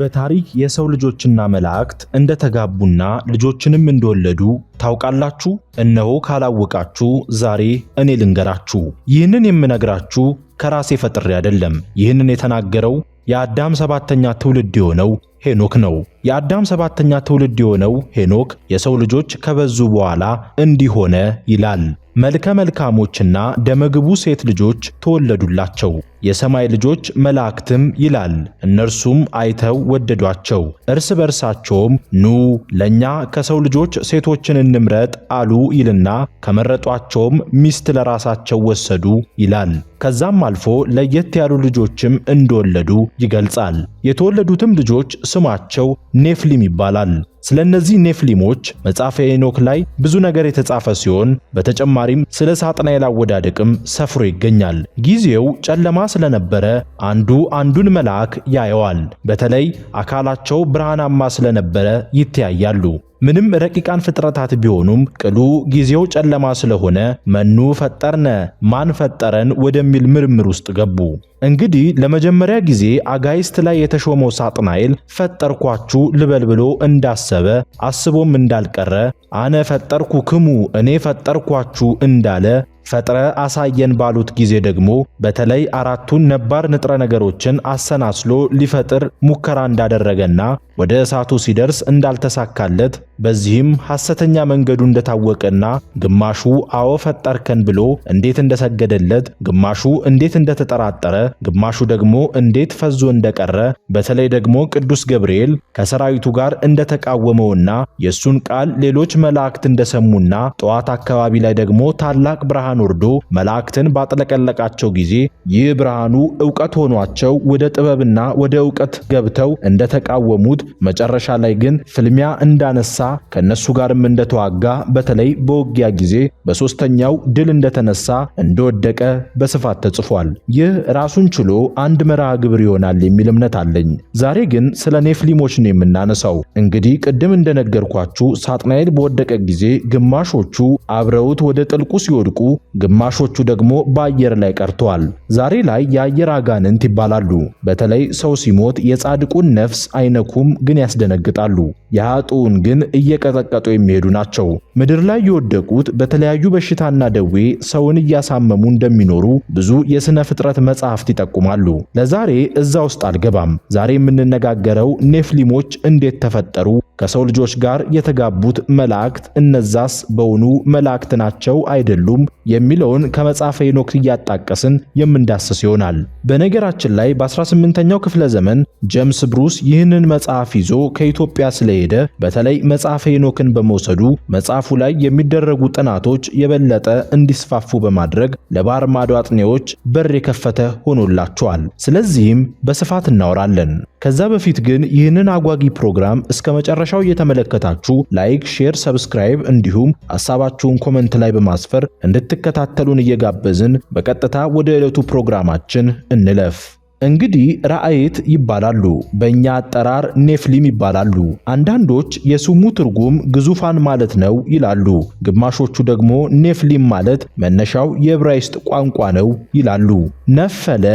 በታሪክ የሰው ልጆችና መላእክት እንደተጋቡና ልጆችንም እንደወለዱ ታውቃላችሁ? እነሆ ካላወቃችሁ ዛሬ እኔ ልንገራችሁ። ይህንን የምነግራችሁ ከራሴ ፈጥሬ አይደለም። ይህንን የተናገረው የአዳም ሰባተኛ ትውልድ የሆነው ሄኖክ ነው። የአዳም ሰባተኛ ትውልድ የሆነው ሄኖክ የሰው ልጆች ከበዙ በኋላ እንዲሆነ ይላል። መልከ መልካሞችና ደመግቡ ሴት ልጆች ተወለዱላቸው፣ የሰማይ ልጆች መላእክትም ይላል። እነርሱም አይተው ወደዷቸው፣ እርስ በርሳቸውም ኑ ለእኛ ከሰው ልጆች ሴቶችን እንምረጥ አሉ ይልና ከመረጧቸውም ሚስት ለራሳቸው ወሰዱ ይላል። ከዛም አልፎ ለየት ያሉ ልጆችም እንደወለዱ ይገልጻል። የተወለዱትም ልጆች ስማቸው ኔፍሊም ይባላል። ስለ እነዚህ ኔፍሊሞች መጽሐፈ ሄኖክ ላይ ብዙ ነገር የተጻፈ ሲሆን በተጨማሪም ስለ ሳጥናኤል አወዳደቅም ሰፍሮ ይገኛል። ጊዜው ጨለማ ስለነበረ አንዱ አንዱን መልአክ ያየዋል። በተለይ አካላቸው ብርሃናማ ስለነበረ ይተያያሉ። ምንም ረቂቃን ፍጥረታት ቢሆኑም ቅሉ ጊዜው ጨለማ ስለሆነ መኑ ፈጠርነ ማን ፈጠረን ወደሚል ምርምር ውስጥ ገቡ። እንግዲህ ለመጀመሪያ ጊዜ አጋይስት ላይ የተሾመው ሳጥናኤል ፈጠርኳችሁ ልበል ብሎ እንዳሰ እንዳላሰበ አስቦም እንዳልቀረ አነ ፈጠርኩ ክሙ እኔ ፈጠርኳችሁ እንዳለ ፈጥረ አሳየን ባሉት ጊዜ ደግሞ በተለይ አራቱን ነባር ንጥረ ነገሮችን አሰናስሎ ሊፈጥር ሙከራ እንዳደረገና ወደ እሳቱ ሲደርስ እንዳልተሳካለት በዚህም ሐሰተኛ መንገዱ እንደታወቀና ግማሹ አዎ ፈጠርከን ብሎ እንዴት እንደሰገደለት፣ ግማሹ እንዴት እንደተጠራጠረ፣ ግማሹ ደግሞ እንዴት ፈዞ እንደቀረ፣ በተለይ ደግሞ ቅዱስ ገብርኤል ከሰራዊቱ ጋር እንደተቃወመውና የእሱን ቃል ሌሎች መላእክት እንደሰሙና ጠዋት አካባቢ ላይ ደግሞ ታላቅ ብርሃን ብርሃን ወርዶ መላእክትን ባጥለቀለቃቸው ጊዜ ይህ ብርሃኑ ዕውቀት ሆኗቸው ወደ ጥበብና ወደ ዕውቀት ገብተው እንደተቃወሙት መጨረሻ ላይ ግን ፍልሚያ እንዳነሳ ከነሱ ጋርም እንደተዋጋ በተለይ በውጊያ ጊዜ በሶስተኛው ድል እንደተነሳ እንደወደቀ በስፋት ተጽፏል። ይህ ራሱን ችሎ አንድ መርሃ ግብር ይሆናል የሚል እምነት አለኝ። ዛሬ ግን ስለ ኔፍሊሞች ነው የምናነሳው። እንግዲህ ቅድም እንደነገርኳችሁ ሳጥናኤል በወደቀ ጊዜ ግማሾቹ አብረውት ወደ ጥልቁ ሲወድቁ ግማሾቹ ደግሞ በአየር ላይ ቀርተዋል። ዛሬ ላይ የአየር አጋንንት ይባላሉ። በተለይ ሰው ሲሞት የጻድቁን ነፍስ አይነኩም፣ ግን ያስደነግጣሉ። የአጡውን ግን እየቀጠቀጡ የሚሄዱ ናቸው። ምድር ላይ የወደቁት በተለያዩ በሽታና ደዌ ሰውን እያሳመሙ እንደሚኖሩ ብዙ የሥነ ፍጥረት መጻሕፍት ይጠቁማሉ። ለዛሬ እዛ ውስጥ አልገባም። ዛሬ የምንነጋገረው ኔፍሊሞች እንዴት ተፈጠሩ ከሰው ልጆች ጋር የተጋቡት መላእክት እነዛስ በውኑ መላእክት ናቸው አይደሉም የሚለውን ከመጽሐፈ ሄኖክ እያጣቀስን የምንዳስስ ይሆናል። በነገራችን ላይ በ18ኛው ክፍለ ዘመን ጀምስ ብሩስ ይህንን መጽሐፍ ይዞ ከኢትዮጵያ ስለሄደ በተለይ መጽሐፈ ሄኖክን በመውሰዱ መጽሐፉ ላይ የሚደረጉ ጥናቶች የበለጠ እንዲስፋፉ በማድረግ ለባህር ማዶ አጥኔዎች በር የከፈተ ሆኖላቸዋል። ስለዚህም በስፋት እናወራለን። ከዛ በፊት ግን ይህንን አጓጊ ፕሮግራም እስከ መጨረሻው እየተመለከታችሁ ላይክ፣ ሼር፣ ሰብስክራይብ እንዲሁም ሀሳባችሁን ኮመንት ላይ በማስፈር እንድትከታተሉን እየጋበዝን በቀጥታ ወደ ዕለቱ ፕሮግራማችን እንለፍ። እንግዲህ ራአይት ይባላሉ። በእኛ አጠራር ኔፍሊም ይባላሉ። አንዳንዶች የስሙ ትርጉም ግዙፋን ማለት ነው ይላሉ። ግማሾቹ ደግሞ ኔፍሊም ማለት መነሻው የዕብራይስጥ ቋንቋ ነው ይላሉ። ነፈለ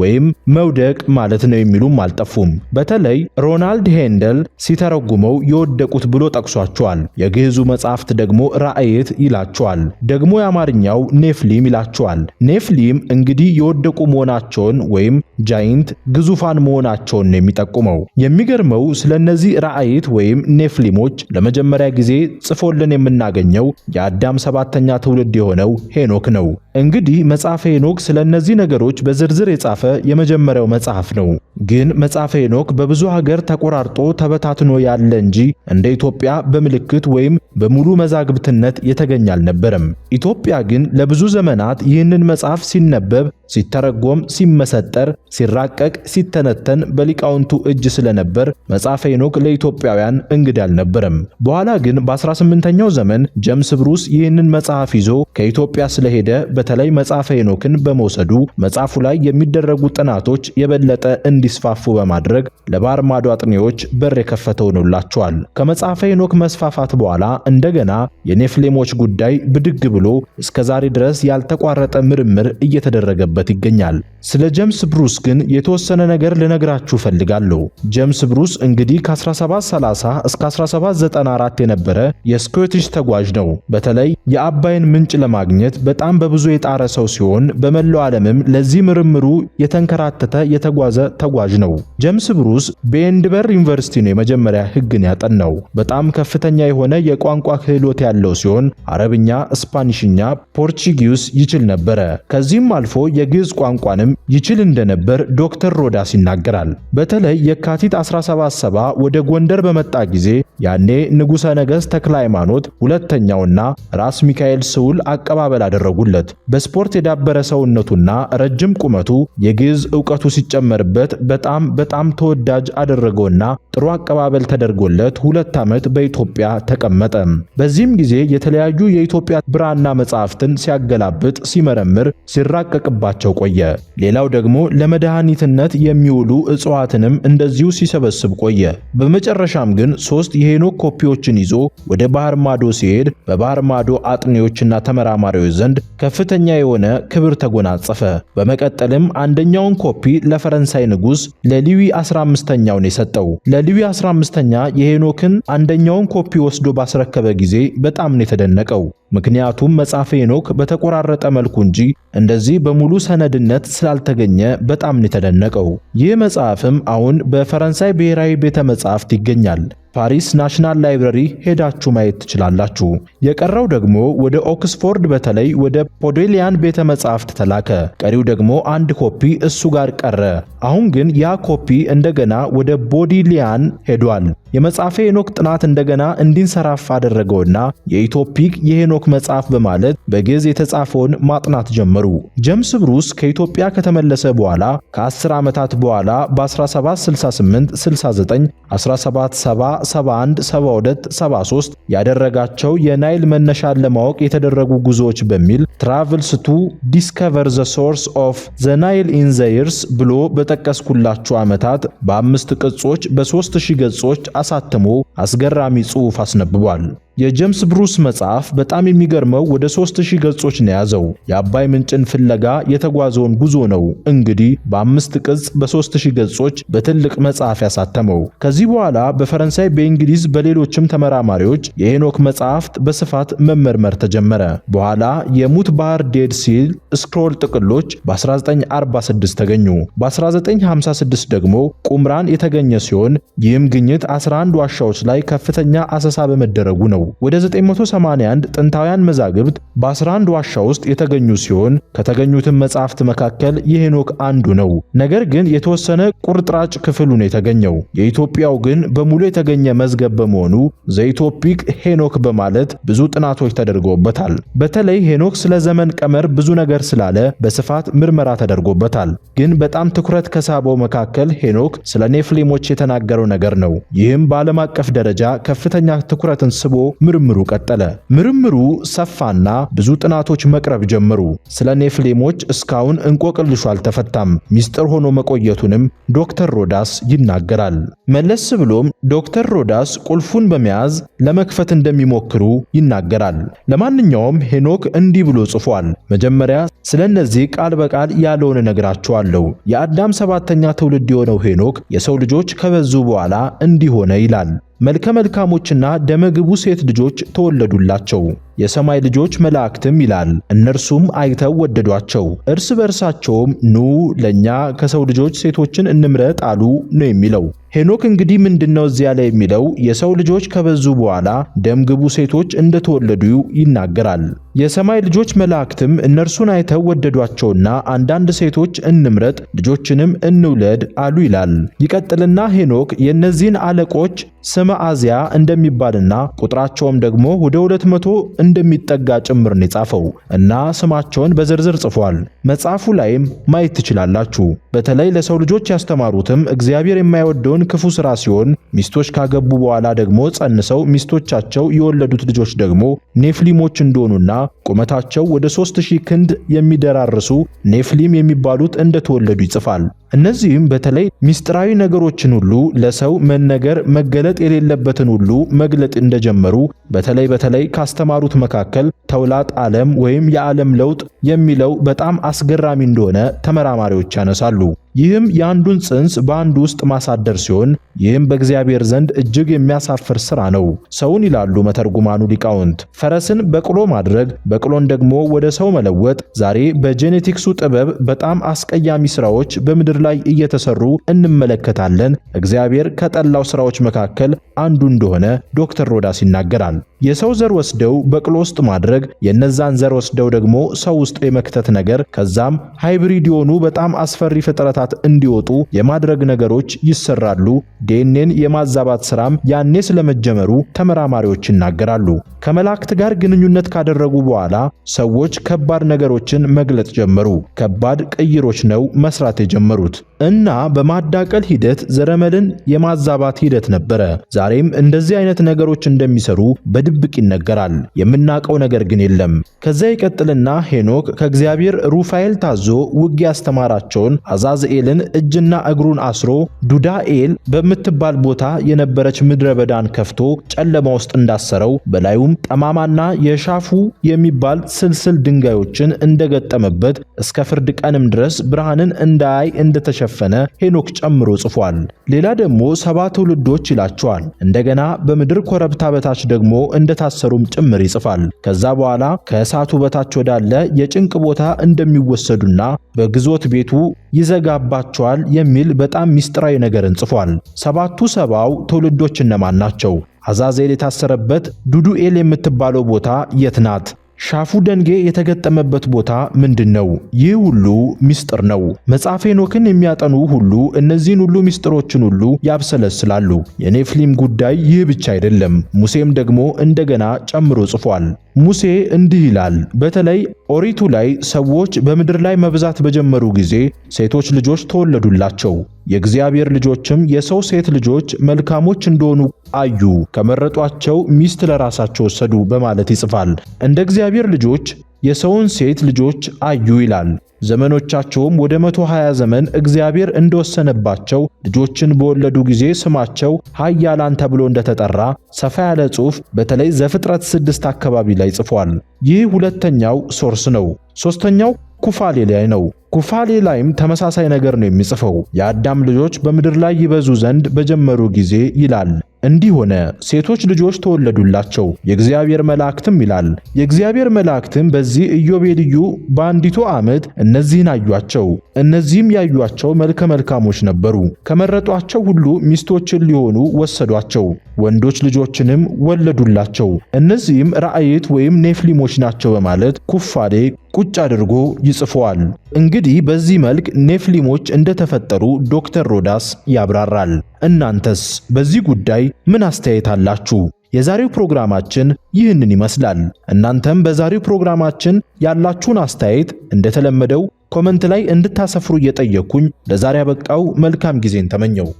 ወይም መውደቅ ማለት ነው የሚሉም አልጠፉም። በተለይ ሮናልድ ሄንደል ሲተረጉመው የወደቁት ብሎ ጠቅሷቸዋል። የግዕዙ መጽሐፍት ደግሞ ራእይት ይላቸዋል፣ ደግሞ የአማርኛው ኔፍሊም ይላቸዋል። ኔፍሊም እንግዲህ የወደቁ መሆናቸውን ወይም ጃይንት ግዙፋን መሆናቸውን ነው የሚጠቁመው። የሚገርመው ስለ እነዚህ ራእይት ወይም ኔፍሊሞች ለመጀመሪያ ጊዜ ጽፎልን የምናገኘው የአዳም ሰባተኛ ትውልድ የሆነው ሄኖክ ነው። እንግዲህ መጽሐፈ ሄኖክ ስለ እነዚህ ነገሮች በዝርዝር የጻፈ የመጀመሪያው መጽሐፍ ነው። ግን መጽሐፈ ሄኖክ በብዙ ሀገር ተቆራርጦ ተበታትኖ ያለ እንጂ እንደ ኢትዮጵያ በምልክት ወይም በሙሉ መዛግብትነት የተገኘ አልነበረም። ኢትዮጵያ ግን ለብዙ ዘመናት ይህንን መጽሐፍ ሲነበብ ሲተረጎም፣ ሲመሰጠር፣ ሲራቀቅ፣ ሲተነተን በሊቃውንቱ እጅ ስለነበር መጽሐፈ ሄኖክ ለኢትዮጵያውያን እንግዳ አልነበረም። በኋላ ግን በ18ኛው ዘመን ጀምስ ብሩስ ይህንን መጽሐፍ ይዞ ከኢትዮጵያ ስለሄደ በተለይ መጽሐፈ ሄኖክን በመውሰዱ መጽሐፉ ላይ የሚደረጉ ጥናቶች የበለጠ እንዲስፋፉ በማድረግ ለባህር ማዶ አጥኚዎች በር የከፈተው ነውላቸዋል። ከመጽሐፈ ሄኖክ መስፋፋት በኋላ እንደገና የኔፍሌሞች ጉዳይ ብድግ ብሎ እስከ ዛሬ ድረስ ያልተቋረጠ ምርምር እየተደረገበት እየተገለጸበት ይገኛል። ስለ ጀምስ ብሩስ ግን የተወሰነ ነገር ልነግራችሁ ፈልጋለሁ። ጀምስ ብሩስ እንግዲህ ከ1730 እስከ 1794 የነበረ የስኮቲሽ ተጓዥ ነው። በተለይ የአባይን ምንጭ ለማግኘት በጣም በብዙ የጣረ ሰው ሲሆን በመላው ዓለምም ለዚህ ምርምሩ የተንከራተተ የተጓዘ ተጓዥ ነው። ጀምስ ብሩስ በኤንድበር ዩኒቨርሲቲ ነው የመጀመሪያ ሕግን ያጠናው። በጣም ከፍተኛ የሆነ የቋንቋ ክህሎት ያለው ሲሆን አረብኛ፣ ስፓኒሽኛ፣ ፖርቹጊዩስ ይችል ነበረ። ከዚህም አልፎ የግዕዝ ቋንቋንም መጠቀም ይችል እንደነበር ዶክተር ሮዳስ ይናገራል። በተለይ የካቲት 177 ወደ ጎንደር በመጣ ጊዜ ያኔ ንጉሠ ነገሥት ተክለ ሃይማኖት ሁለተኛውና ራስ ሚካኤል ስውል አቀባበል አደረጉለት። በስፖርት የዳበረ ሰውነቱና ረጅም ቁመቱ የግዕዝ ዕውቀቱ ሲጨመርበት በጣም በጣም ተወዳጅ አደረገውና ጥሩ አቀባበል ተደርጎለት ሁለት ዓመት በኢትዮጵያ ተቀመጠ። በዚህም ጊዜ የተለያዩ የኢትዮጵያ ብራና መጻሕፍትን ሲያገላብጥ፣ ሲመረምር፣ ሲራቀቅባቸው ቆየ። ሌላው ደግሞ ለመድኃኒትነት የሚውሉ እጽዋትንም እንደዚሁ ሲሰበስብ ቆየ። በመጨረሻም ግን ሶስት የሄኖክ ኮፒዎችን ይዞ ወደ ባህር ማዶ ሲሄድ በባህር ማዶ አጥኔዎችና ተመራማሪዎች ዘንድ ከፍተኛ የሆነ ክብር ተጎናጸፈ። በመቀጠልም አንደኛውን ኮፒ ለፈረንሳይ ንጉሥ ለሊዊ 15ኛውን የሰጠው። ለሊዊ 15ኛ የሄኖክን አንደኛውን ኮፒ ወስዶ ባስረከበ ጊዜ በጣም ነው የተደነቀው። ምክንያቱም መጽሐፈ ሄኖክ በተቆራረጠ መልኩ እንጂ እንደዚህ በሙሉ ሰነድነት ስለ እንዳልተገኘ በጣም ነው የተደነቀው። ይህ መጽሐፍም አሁን በፈረንሳይ ብሔራዊ ቤተ መጻሕፍት ይገኛል። ፓሪስ ናሽናል ላይብረሪ ሄዳችሁ ማየት ትችላላችሁ። የቀረው ደግሞ ወደ ኦክስፎርድ በተለይ ወደ ፖዴሊያን ቤተ መጻሕፍት ተላከ። ቀሪው ደግሞ አንድ ኮፒ እሱ ጋር ቀረ። አሁን ግን ያ ኮፒ እንደገና ወደ ቦዲሊያን ሄዷል። የመጽሐፈ ሄኖክ ጥናት እንደገና እንዲንሰራፍ አደረገውና የኢትዮፒክ የሄኖክ መጽሐፍ በማለት በግዕዝ የተጻፈውን ማጥናት ጀመሩ። ጀምስ ብሩስ ከኢትዮጵያ ከተመለሰ በኋላ ከ10 ዓመታት በኋላ በ1768፣ 69፣ 1777172 ያደረጋቸው የናይል መነሻን ለማወቅ የተደረጉ ጉዞዎች በሚል ትራቭልስ ቱ ዲስከቨር ዘ ሶርስ ኦፍ ዘ ናይል ኢን ዘ ይርስ ብሎ በጠቀስኩላቸው ዓመታት በአምስት ቅጾች በ3000 ገጾች አሳትሞ አስገራሚ ጽሑፍ አስነብቧል። የጄምስ ብሩስ መጽሐፍ በጣም የሚገርመው ወደ 3000 ገጾች ነው ያዘው። የአባይ ምንጭን ፍለጋ የተጓዘውን ጉዞ ነው እንግዲህ በአምስት ቅጽ በ3000 ገጾች በትልቅ መጽሐፍ ያሳተመው። ከዚህ በኋላ በፈረንሳይ፣ በእንግሊዝ፣ በሌሎችም ተመራማሪዎች የሄኖክ መጽሐፍት በስፋት መመርመር ተጀመረ። በኋላ የሙት ባህር ዴድ ሲል ስክሮል ጥቅሎች በ1946 ተገኙ። በ1956 ደግሞ ቁምራን የተገኘ ሲሆን ይህም ግኝት 11 ዋሻዎች ላይ ከፍተኛ አሰሳ በመደረጉ ነው። ነው። ወደ 981 ጥንታውያን መዛግብት በ11 ዋሻ ውስጥ የተገኙ ሲሆን ከተገኙትን መጻሕፍት መካከል የሄኖክ አንዱ ነው። ነገር ግን የተወሰነ ቁርጥራጭ ክፍሉ ነው የተገኘው። የኢትዮጵያው ግን በሙሉ የተገኘ መዝገብ በመሆኑ ዘኢትዮፒክ ሄኖክ በማለት ብዙ ጥናቶች ተደርጎበታል። በተለይ ሄኖክ ስለ ዘመን ቀመር ብዙ ነገር ስላለ በስፋት ምርመራ ተደርጎበታል። ግን በጣም ትኩረት ከሳበው መካከል ሄኖክ ስለ ኔፍሊሞች የተናገረው ነገር ነው። ይህም በዓለም አቀፍ ደረጃ ከፍተኛ ትኩረትን ስቦ ምርምሩ ቀጠለ። ምርምሩ ሰፋና ብዙ ጥናቶች መቅረብ ጀመሩ። ስለ ኔፍሌሞች እስካሁን እንቆቅልሹ አልተፈታም፣ ሚስጥር ሆኖ መቆየቱንም ዶክተር ሮዳስ ይናገራል። መለስ ብሎም ዶክተር ሮዳስ ቁልፉን በመያዝ ለመክፈት እንደሚሞክሩ ይናገራል። ለማንኛውም ሄኖክ እንዲህ ብሎ ጽፏል። መጀመሪያ ስለ እነዚህ ቃል በቃል ያለውን እነግራችኋለሁ። የአዳም ሰባተኛ ትውልድ የሆነው ሄኖክ የሰው ልጆች ከበዙ በኋላ እንዲሆነ ይላል። መልከ መልካሞችና ደመግቡ ሴት ልጆች ተወለዱላቸው። የሰማይ ልጆች መላእክትም ይላል። እነርሱም አይተው ወደዷቸው። እርስ በርሳቸውም ኑ ለእኛ ከሰው ልጆች ሴቶችን እንምረጥ አሉ ነው የሚለው። ሄኖክ እንግዲህ ምንድነው እዚያ ላይ የሚለው የሰው ልጆች ከበዙ በኋላ ደምግቡ ሴቶች እንደተወለዱ ይናገራል። የሰማይ ልጆች መላእክትም እነርሱን አይተው ወደዷቸውና አንዳንድ ሴቶች እንምረጥ ልጆችንም እንውለድ አሉ ይላል። ይቀጥልና ሄኖክ የእነዚህን አለቆች ስመ አዚያ እንደሚባልና ቁጥራቸውም ደግሞ ወደ 200 መቶ እንደሚጠጋ ጭምር ነው የጻፈው እና ስማቸውን በዝርዝር ጽፏል። መጽሐፉ ላይም ማየት ትችላላችሁ። በተለይ ለሰው ልጆች ያስተማሩትም እግዚአብሔር የማይወደውን የሚሆን ክፉ ስራ ሲሆን ሚስቶች ካገቡ በኋላ ደግሞ ጸንሰው ሚስቶቻቸው የወለዱት ልጆች ደግሞ ኔፍሊሞች እንደሆኑና ቁመታቸው ወደ 3000 ሺህ ክንድ የሚደራርሱ ኔፍሊም የሚባሉት እንደተወለዱ ይጽፋል። እነዚህም በተለይ ሚስጥራዊ ነገሮችን ሁሉ ለሰው መነገር መገለጥ የሌለበትን ሁሉ መግለጥ እንደጀመሩ በተለይ በተለይ ካስተማሩት መካከል ተውላጥ ዓለም ወይም የዓለም ለውጥ የሚለው በጣም አስገራሚ እንደሆነ ተመራማሪዎች ያነሳሉ። ይህም የአንዱን ጽንስ በአንዱ ውስጥ ማሳደር ሲሆን ይህም በእግዚአብሔር ዘንድ እጅግ የሚያሳፍር ሥራ ነው። ሰውን ይላሉ መተርጉማኑ ሊቃውንት ፈረስን በቅሎ ማድረግ፣ በቅሎን ደግሞ ወደ ሰው መለወጥ ዛሬ በጄኔቲክሱ ጥበብ በጣም አስቀያሚ ሥራዎች በምድር ላይ እየተሰሩ እንመለከታለን። እግዚአብሔር ከጠላው ሥራዎች መካከል አንዱ እንደሆነ ዶክተር ሮዳስ ይናገራል። የሰው ዘር ወስደው በቅሎ ውስጥ ማድረግ፣ የነዛን ዘር ወስደው ደግሞ ሰው ውስጥ የመክተት ነገር ከዛም ሃይብሪድ የሆኑ በጣም አስፈሪ ፍጥረት ከመፍታት እንዲወጡ የማድረግ ነገሮች ይሰራሉ። ዲኤንኤን የማዛባት ስራም ያኔ ስለመጀመሩ ተመራማሪዎች ይናገራሉ። ከመላእክት ጋር ግንኙነት ካደረጉ በኋላ ሰዎች ከባድ ነገሮችን መግለጽ ጀመሩ። ከባድ ቅይሮች ነው መስራት የጀመሩት እና በማዳቀል ሂደት ዘረመልን የማዛባት ሂደት ነበረ። ዛሬም እንደዚህ አይነት ነገሮች እንደሚሰሩ በድብቅ ይነገራል። የምናውቀው ነገር ግን የለም። ከዚያ ይቀጥልና ሄኖክ ከእግዚአብሔር ሩፋኤል ታዞ ውጊያ ያስተማራቸውን አዛዝ ኤልን እጅና እግሩን አስሮ ዱዳኤል በምትባል ቦታ የነበረች ምድረ በዳን ከፍቶ ጨለማ ውስጥ እንዳሰረው በላዩም ጠማማና የሻፉ የሚባል ስልስል ድንጋዮችን እንደገጠመበት እስከ ፍርድ ቀንም ድረስ ብርሃንን እንዳያይ እንደተሸፈነ ሄኖክ ጨምሮ ጽፏል። ሌላ ደግሞ ሰባ ትውልዶች ይላቸዋል። እንደገና በምድር ኮረብታ በታች ደግሞ እንደታሰሩም ጭምር ይጽፋል። ከዛ በኋላ ከእሳቱ በታች ወዳለ የጭንቅ ቦታ እንደሚወሰዱና በግዞት ቤቱ ይዘጋባቸዋል የሚል በጣም ሚስጥራዊ ነገርን ጽፏል። ሰባቱ ሰባው ትውልዶች እነማን ናቸው? አዛዜል የታሰረበት ዱዱኤል የምትባለው ቦታ የት ናት? ሻፉ ደንጌ የተገጠመበት ቦታ ምንድን ነው? ይህ ሁሉ ሚስጥር ነው። መጽሐፈ ሄኖክን የሚያጠኑ ሁሉ እነዚህን ሁሉ ሚስጥሮችን ሁሉ ያብሰለስላሉ። የኔፍሊም ጉዳይ ይህ ብቻ አይደለም። ሙሴም ደግሞ እንደገና ጨምሮ ጽፏል። ሙሴ እንዲህ ይላል። በተለይ ኦሪቱ ላይ ሰዎች በምድር ላይ መብዛት በጀመሩ ጊዜ ሴቶች ልጆች ተወለዱላቸው። የእግዚአብሔር ልጆችም የሰው ሴት ልጆች መልካሞች እንደሆኑ አዩ፣ ከመረጧቸው ሚስት ለራሳቸው ወሰዱ በማለት ይጽፋል። እንደ እግዚአብሔር ልጆች የሰውን ሴት ልጆች አዩ ይላል። ዘመኖቻቸውም ወደ 120 ዘመን እግዚአብሔር እንደወሰነባቸው ልጆችን በወለዱ ጊዜ ስማቸው ኃያላን ተብሎ እንደተጠራ ሰፋ ያለ ጽሑፍ በተለይ ዘፍጥረት ስድስት አካባቢ ላይ ጽፏል። ይህ ሁለተኛው ሶርስ ነው። ሶስተኛው ኩፋሌ ላይ ነው። ኩፋሌ ላይም ተመሳሳይ ነገር ነው የሚጽፈው። የአዳም ልጆች በምድር ላይ ይበዙ ዘንድ በጀመሩ ጊዜ ይላል። እንዲህ ሆነ፣ ሴቶች ልጆች ተወለዱላቸው የእግዚአብሔር መላእክትም ይላል። የእግዚአብሔር መላእክትም በዚህ ኢዮቤልዩ በአንዲቱ ዓመት እነዚህን አዩአቸው። እነዚህም ያዩአቸው መልከ መልካሞች ነበሩ። ከመረጧቸው ሁሉ ሚስቶችን ሊሆኑ ወሰዷቸው። ወንዶች ልጆችንም ወለዱላቸው። እነዚህም ራእይት ወይም ኔፍሊሞች ናቸው በማለት ኩፋሌ ቁጭ አድርጎ ይጽፈዋል። እንግዲህ በዚህ መልክ ኔፍሊሞች እንደተፈጠሩ ዶክተር ሮዳስ ያብራራል። እናንተስ በዚህ ጉዳይ ምን አስተያየት አላችሁ? የዛሬው ፕሮግራማችን ይህንን ይመስላል። እናንተም በዛሬው ፕሮግራማችን ያላችሁን አስተያየት እንደተለመደው ኮመንት ላይ እንድታሰፍሩ እየጠየቅኩኝ ለዛሬ ያበቃው መልካም ጊዜን ተመኘው።